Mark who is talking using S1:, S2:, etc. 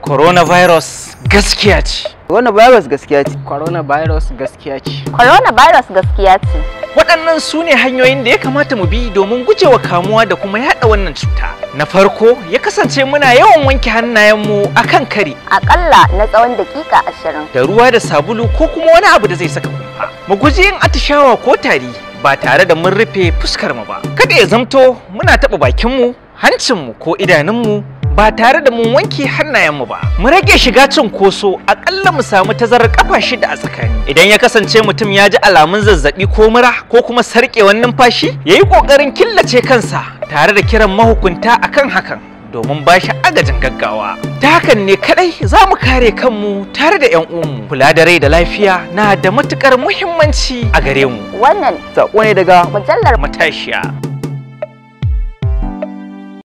S1: coronavirus gaskiya ce coronavirus gaskiya ce coronavirus gaskiya ce coronavirus gaskiya ce waɗannan su ne hanyoyin da ya kamata mu bi domin gujewa kamuwa da kuma yaɗa wannan cuta na farko ya kasance muna yawan wanke hannayenmu a kan kare aƙalla na tsawon daƙiƙa ashirin da ruwa da sabulu ko kuma wani abu da zai saka kumfa mu guji yin atishawa ko tari ba tare da mun rufe fuskar mu ba kada ya zamto muna taɓa bakinmu hancinmu ko idanunmu ba tare da mun wanke hannayenmu ba mu rage shiga cinkoso akalla mu samu tazarar kafa shida a tsakani idan ya kasance mutum ya ji alamun zazzabi ko mura ko kuma sarkewar numfashi yayi kokarin killace kansa tare da kiran mahukunta akan hakan domin ba shi agajin gaggawa ta hakan ne kadai za mu kare kanmu tare da 'yan uwanmu kula da rai da lafiya na da matukar muhimmanci a gare mu wannan sako ne daga mujallar matashiya